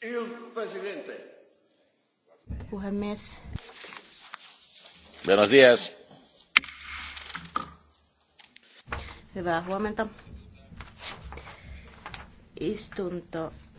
Il presidente. Puhemies. Buenos días. Hyvää huomenta. Istunto